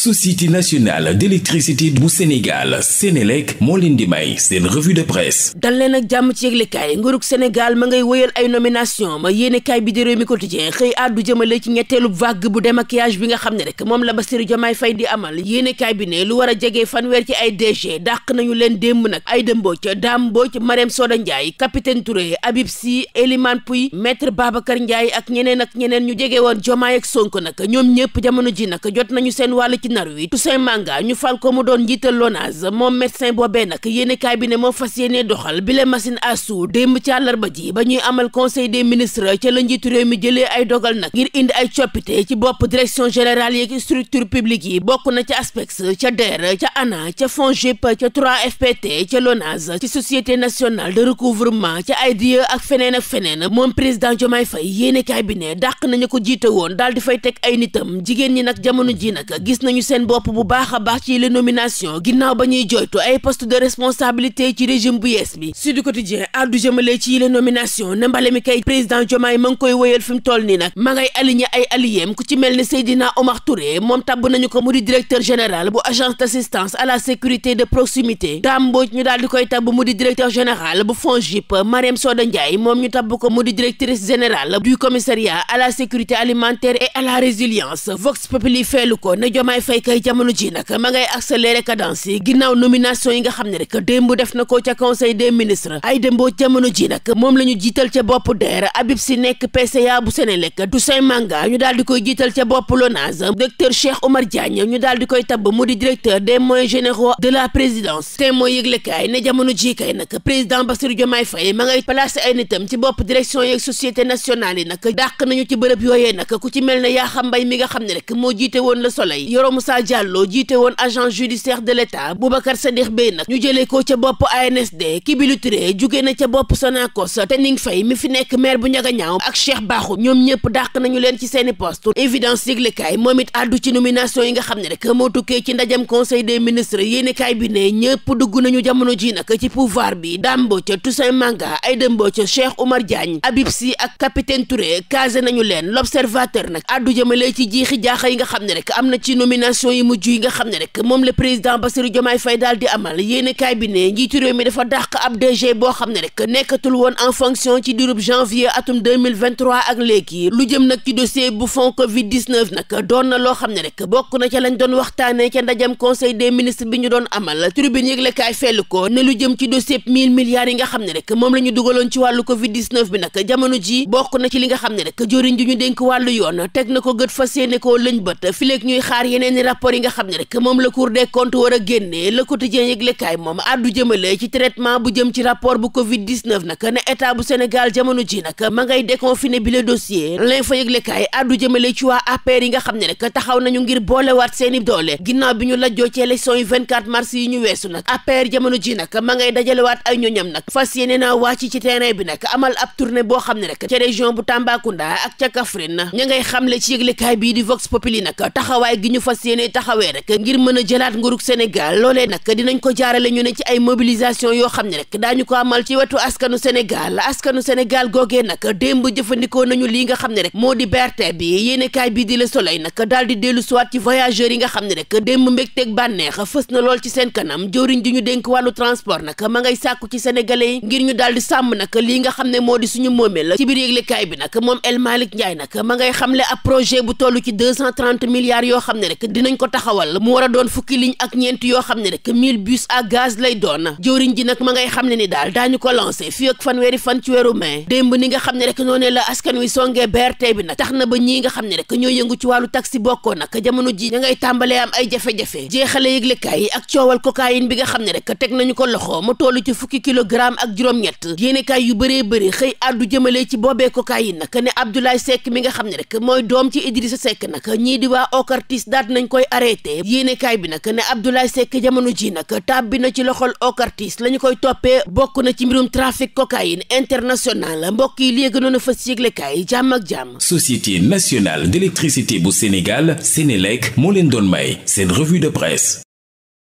société nationale d'électricité bu Sénégal Sénélec moo leen di may seen revue de presse dal leen ak jàmm ci yëglekaay nguurug Sénégal ma ngay wëyal ay nomination ma yéenekaay bi di Rewmi Quotidien xëy àddu jëmale ci ñetteelub vague bu démaquillage bi nga xam ne rek moom la Bassirou Diomaye Faye di amal yéenekaay bi ne lu war a jege fanweer ci ay DG dàq nañu leen démb nag Aïda Mbodj Dame Mbodj Marème Soda Ndiaye capitaine Touré Habib Sy Elimane Pouye ñu jege woon Diomaye ak Sonko nag ñoom ñëpp Guinaar wi Toussaint Manga ñu fal mu doon njiital LONASE moom médecin boobee nag yéenekaay bi ne fas yéene doxal bi la machine à sous ji ba ñuy amal conseil des ministres ca la njiitu réew mi jëlee ay dogal nag ngir indi ay coppite ci bopp direction générale yeeg structure publique yi bokk na ca ASPEX ca DER ca ANA ca FONGIP ca 3FPT ca LONASE ci société nationale de recouvrement ca AIDIE ak feneen ak feneen moom président Diomaye fay nañu seen bopp bu baax a baax ci les nominations ginnaaw ba ñuy joytu ay poste de responsabilité ci régime bu yees bi Sud Quotidien addu jëmale ci les nominations ne mbale mi kay président Diomaye ma koy wéyal fi toll nii nag ma ngay aligné ay alliéem ku ci mel ne Seydina Omar Touré moom tabb nañu ko mu di directeur général bu agence d'assistance à la sécurité de proximité Dame Mbodj ñu daal di koy tabb mu di directeur général bu FONGIP Mariam Soda Ndiaye moom Faye kay jamono ji nag ma ngay accélérer cadence yi ginnaaw nomination yi nga xam ne rek démb def na ko ca conseil des ministres Aïda Mbodj jamono ji nag moom la ñu jiital ca bopp DER Habib Sy nekk PCA bu Senelec Toussaint Manga ñu daal di koy jiital ca bopp LONASE docteur Cheikh Oumar Diagne ñu daal di koy tabb mu di directeur de moyens généro de la présidence te mooy yëglekaay ne jamono ji kay nag président Bassirou Diomaye Faye ma ngay placé ay nitam ci bopp direction yeeg société nationale yi nag dàq nañu ci bërëb yooyee nag ku ci mel ne yaa xam mbay mi nga xam ne rek moo jiite woon la Soleil yoroom Moussa Diallo jiite woon agent judiciaire de l'État Boubacar Sadikh Bèye nag ñu jëlee ko ca bopp ANSD Kibili Touré jugee na ca bopp Sonacos te Ning Faye mi fi nekk maire bu Ndiaganiao ak Cheikh Bakhoum ñoom ñëpp dàq nañu leen ci seeni poste évidence yëglekaay moom it àddu ci nomination yi nga xam ne rek moo tukkee ci ndajem conseil des ministres yéenekaay bi ne ñëpp dugg nañu jamono ji nag ci pouvoir bi Dame Mbodj Toussaint Manga Aïda Mbodj Cheikh Oumar Diagne Habib Sy ak capitaine Touré casé nañu leen l'observateur nag àddu jëmale ci yi nomination yi mujj yi nga xam ne rek moom la président Bassirou Diomaye Faye daal di amal yéene kaay bi ne njiitu réew mi dafa dàq ab DG boo xam ne rek nekkatul doon na loo xam ne rek bokk na ca lañ doon waxtaanee ca ndajam conseil des ministres bi ñu doon amal tribune yëgle kaay fell ko ne lu jëm ci dossier milliards yi nga xam ne rek moom la dugaloon ci wàllu Covid 19 bi nag jamono ji bokk na ci li nga xam ne rek joriñ ju ñu dénk wàllu yoon teg na ko gët fas yéene koo lëñ bët ñuy xaar yeneen seeni rapport yi nga xam ne rek moom la Cour des comptes war a génnee le quotidien yëglekaay moom addu jëmale ci traitement bu jëm ci rapport bu covid 19 nag ne état bu Sénégal jamono ji nag ma ngay déconfiné bi le dossier lañ fa yëglekaay addu jëmale ci waa APR yi nga xam ne rek taxaw nañu ngir boolewaat seeni doole ginnaaw bi ñu lajjoo ci élection yi 24 mars yi ñu weesu nag APR jamono ji nag ma ngay dajalewaat ay ñoñam nag fas yéene naa wàcc ci terrain bi nag amal ab tournée boo xam ne rek ca région bu Tambacounda ak ca Kaffrine ña ngay xamle ci yëglekaay bii di Vox Populi nag taxawaay yéene taxawee rek ngir mën a jëlaat ngurug Sénégal loole nag dinañ ko jaarale ñu ne ci ay mobilisation yoo xam ne rek daañu ko amal ci wetu askanu Sénégal askanu Sénégal googee nag démb jëfandikoo nañu lii nga xam ne rek moo di berte bi yéenekaay bi bii di Le Soleil nag daal di dellu siwaat ci voyageurs yi nga xam ne rek démb mbégteeg bànneex fës na lool ci seen kanam jëwriñ di ñu dénk wàllu transport nag ma ngay sàkku ci sénégalais yi ngir ñu daal di nag lii nga xam ne moo di suñu moomeel ci biir yëglekaay bi nag moom El Malick nag ma ngay xamle ab projet bu toll ci deux cent trente milliards yoo xam ne dinañ ko taxawal mu war a doon fukki ligne ak ñeent yoo xam ne rek mille bus à gaz lay doon jëwriñ ji nag ma ngay xam ne ni daal daañu ko lancé fii ak fanweeri fan ci weeru mai démb ni nga xam ne rek noonee la askan wi songee BRT bi nag ba nga xam ne rek ñoo yëngu ci wàllu taxi bokkoo nag jamono ji ña ngay tàmbalee am ay jafe-jafe jeexale yëglekaay yi ak coowal cocaïne bi nga xam ne rek teg nañu ko loxo mu toll ci fukki kilogramme ak juróom-ñett yéenekaay yu bëree bëri xëy àddu jëmalee ci boobee cocaïne nag ne Abdoulaye Seck mi nga xam ne rek mooy doom ci Idrissa Seck nag ñii di waa OCRTIS daat nañ koy arrêté yéenekaay bi nag ne Abdoulaye Seck jamono ji nag tàbbi na ci loxol OCRTIS la ñu koy toppee bokk na ci mbirum trafic cocaïne international mbokk yi léegi noonu fa yëglekaay jàmm ak jàmm. Société nationale d'électricité bu Sénégal Sénélec moo leen doon may seen revue de presse.